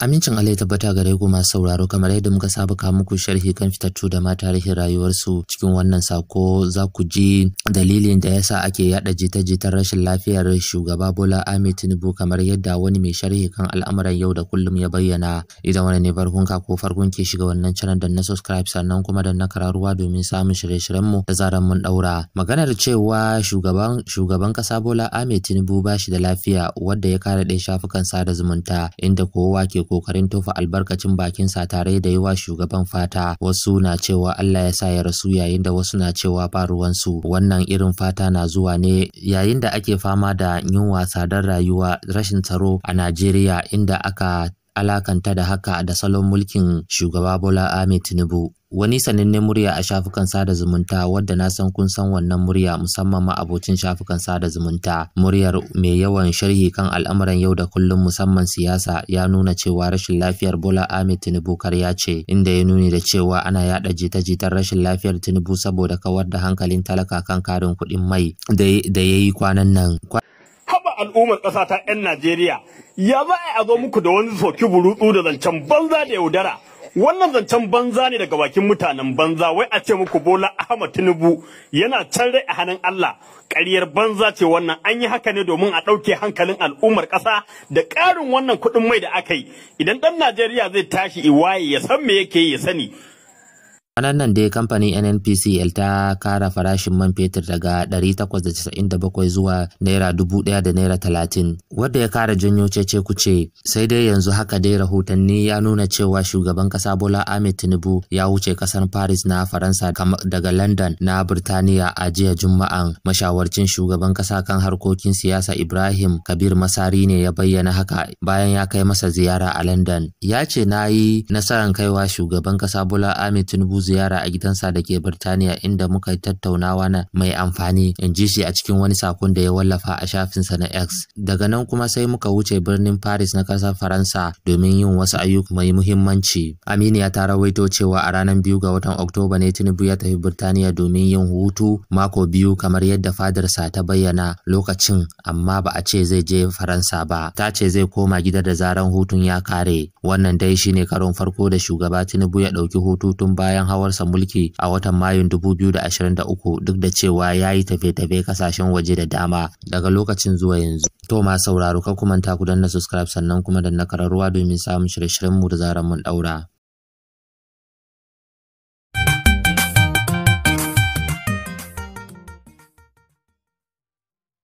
Amincin Allah ya tabbata gare ku masu sauraro kamar yadda muka saba ka muku sharhi kan fitattu da ma tarihin rayuwarsu cikin wannan sako za ku ji dalilin da yasa ake yada jita-jitar rashin lafiyar shugaba Bola Ahmed Tinubu kamar yadda wani mai sharhi kan al'amuran yau da kullum ya bayyana idan wani ne barkun ka ko farkon ke shiga wannan channel dan na subscribe sannan kuma da na kararuwa domin samun shirye-shiryen mu da zaran mun daura maganar cewa shugaban shugaban kasa Bola Ahmed Tinubu ba shi da lafiya wanda ya kare ɗaya shafukan sada zumunta inda kowa ke kokarin tofa albarkacin bakin sa tare da yawa shugaban fata wasu na cewa Allah ya sa ya rasu yayin da wasu na cewa ba su wannan irin fata na zuwa ne yayin da ake fama da yunwa sadar rayuwa rashin tsaro a Najeriya inda aka alakanta da haka da salon mulkin shugaba Bola Ahmed Tinubu. Wani sanannen murya a shafukan sada zumunta wadda na san kun san wannan murya musamman ma abocin shafukan sada zumunta. Muryar mai yawan sharhi kan al'amuran yau da kullum musamman siyasa ya nuna cewa rashin lafiyar Bola Ahmed Tinubu karya ce inda ya nuni da cewa ana yada jita-jitar rashin lafiyar Tinubu saboda kawar da hankalin talaka kan karin kuɗin mai da yayi kwanan nan. al'ummar ƙasa ta 'yan Najeriya ya ba a zo muku da wani soki burutsu da zancen banza da yaudara wannan zancen banza ne daga bakin mutanen banza wai a ce muku Bola Ahmad Tinubu yana can rai a hannun Allah ƙaryar banza ce wannan an yi haka ne domin a ɗauke hankalin al'ummar ƙasa da ƙarin wannan kuɗin mai da aka yi idan ɗan Najeriya zai tashi iwaye ya san me yake yi ya sani Kwanan nan dai kamfanin NNPCL ta kara farashin man fetur daga 897 zuwa naira 1000 da naira 30 wadda ya kara janyo cece kuce sai dai yanzu haka dai rahotanni ya nuna cewa shugaban kasa Bola Ahmed Tinubu ya wuce kasar Paris na Faransa daga London na Birtaniya a jiya juma'a mashawarcin shugaban kasa kan harkokin siyasa Ibrahim Kabir Masari ne ya bayyana haka bayan ya kai masa ziyara a London ya ce na yi nasarar kaiwa shugaban kasa Bola Ahmed Tinubu ziyara a gidansa da ke Birtaniya inda muka yi tattaunawa na mai amfani in ji shi a cikin wani sakon da ya wallafa a shafinsa na X. Daga nan kuma sai muka wuce birnin Paris na kasar Faransa domin yin wasu ayyuka mai muhimmanci. Aminiya ta rawaito cewa a ranar biyu ga watan Oktoba ne Tinubu ya tafi Birtaniya domin yin hutu mako biyu kamar yadda fadarsa ta bayyana lokacin amma ba a ce zai je Faransa ba. Ta ce zai koma gida da zaran hutun ya kare. Wannan dai shine karon farko da shugaba Tinubu ya ɗauki hutu tun bayan hawarsa mulki a watan Mayun 2023 duk da cewa ya yi tafe-tafe kasashen waje da dama daga lokacin zuwa yanzu. To ma sauraro ka kumanta ku danna subscribe sannan kuma danna kararruwa domin samun shirye-shiryenmu da zarar mun daura.